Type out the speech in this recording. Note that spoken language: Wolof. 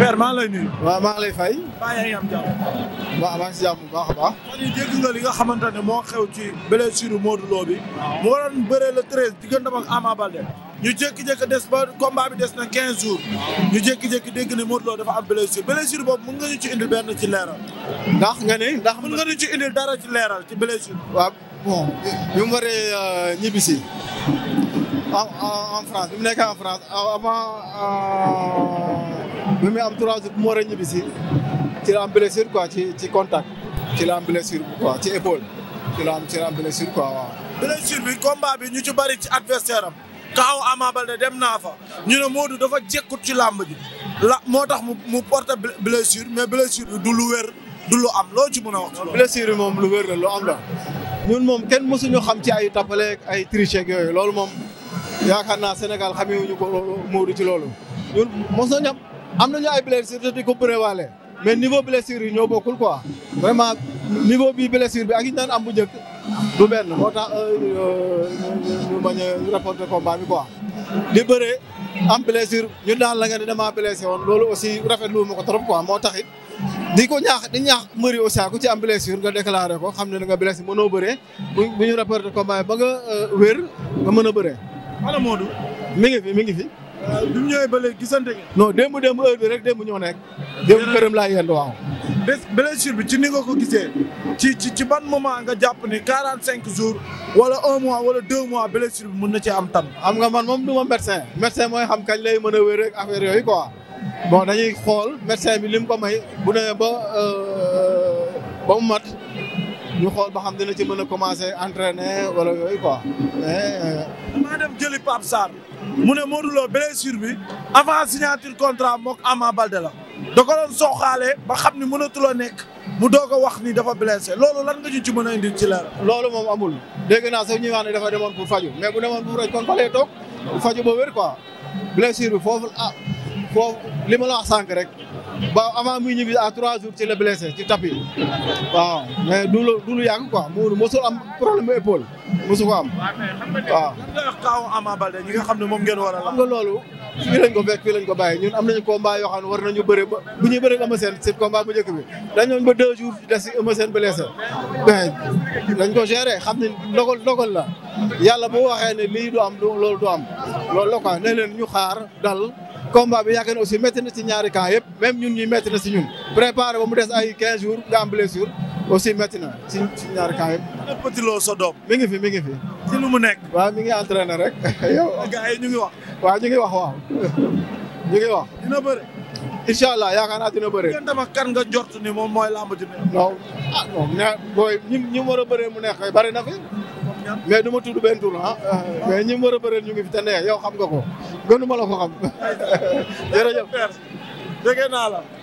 père maa lay nuyu. waaw maa lay fay. maa ngi am jàmm. waaw maa ngi si bu baax a baax. kon ñu dégg li nga xamante ne moo xew ci blessure Modou Lo bi. mu waroon bëree le treize digganteem ak Ama Baldé. ñu jékki-jékki des ba combat des na quinze jours. ñu jékki-jékki ne Modou Lo dafa am blessure boobu mën nga ñu ci indil benn ci leeral. ndax nga ne ndax. mën nga ñu ci ci leeral ci blessure. waaw bon bi mu waree euh, bi mu nekkee en France euh, bi muy am trois jours bu mu war a ñibbisi ci la am blessure quoi ci ci contact ci la am blessure quoi ci épaule ci la am ci blessure quoi waaw. blessure bi combat bi ñu ci bari ci adversaire am kaaw Ama Baldé dem naa fa ñu ne Modou dafa jekkut ci làmb ji la moo tax mu mu porte blessure mais blessure bi du lu wér du lu am loo ci mën a wax. blessure bi moom lu wér la lu am la ñun moom kenn mësuñu xam ci ay tapale ay triche yooyu loolu moom yaakaar naa Sénégal xamee wuñu ko Modou ci loolu ñun mos am nañu ay blessure te di ko bëree waale mais niveau blessure yi ñoo bokkul quoi vraiment niveau bi blessure bi ak yi ñu daan am bu njëkk du benn moo tax euh, ñu bañ a bi quoi. di bëree am blessure ñu daan la nga ne damaa blessé woon loolu aussi rafetlu ma ko trop quoi moo tax it di ko ñaax di ñaax mbëri aussi ku ci am blessure nga déclaré ko xam ne da nga blessé mënoo bëree bu ñu rapporter combat ba ga euh, wér nga mën a bëree. ana Modou mi mi ngi fi. bi mu ñëwee ba léegi gisante nga. non démb démb heure bi rek démb ñoo nekk. démb këram laa yend waaw. bés blessure ci ni ko gisee ci ci ci ban moment nga jàpp ni quarante cinq jours wala un mois wala deux mois blessure bi mën na cee am tan xam nga man moom du ma médecin médecin mooy xam kañ lay mën a wér rek affaire yooyu quoi bon dañuy xool médecin bi li ko may bu demee ba euh, ba mu mat ñu xool ba xam dina ci mën a commencer entraîner wala yooyu quoi mais. damaa dem jëli Pape Sarr mu ne Modou Lo blessure bi avant signature contrat mook Ama Balde la da ko doon soxaale ba xam ni mënatuloo nekk mu doog a wax ni dafa blessé loolu lan nga ñu ci mën a indi ci leer. loolu moom amul dégg naa sax ñuy wax ne dafa demoon pour faju mais bu demoon pour faju kon fa lay toog faju ba wér quoi blessure bi foofu ah foofu li ma la wax sànq rek. waaw avant muy ñibbi à trois jours ci la blessé ci tapis waaw mais du lu du lu yàgg quoi mu mosul am problème mu épaule mosu ko am waaw. kaaw Ama Baldé ñi nga xam ne moom ngeen war a. xam nga loolu fii ko fekk fii lañ ko bàyyi ñun am nañu combat yoo xam ne war na bëre ba bu ñuy bëre Eumeu Sène ci combat bu njëkk bi dañu ba deux jours des ci Eumeu Sène dañ ko géré xam ne ndogal ndogal la yàlla bu waxee ne lii du am loolu du am loolu la quoi ne ñu xaar dal. combat bi yaakaar ne aussi métti na ñaari camp yëpp même ñun ñuy métti si ñun préparé ba mu des ay 15 jours nga am blessure aussi métti na si ñaari camp yëpp. nga Petit Lo sa doom. mi ngi fi mi ngi fi. lu mu nekk. waaw mi ngi entraîné rek yow. gars ñu ngi wax. waaw ñu ngi wax waaw ñu ngi wax. dina bëri. allah yaakaar naa dina bëri. ngeen dama kan nga jort ni moom mooy lamb ji. non ah non mais booy ñi ñi mu war a bëree mu neex bari na fi. mais du ma tudd benn tur ah. mais ñi mu war a bëreel ñu ngi fi te ne yow xam nga ko gënu ma la ko xam jërëjëf. dégg naa la.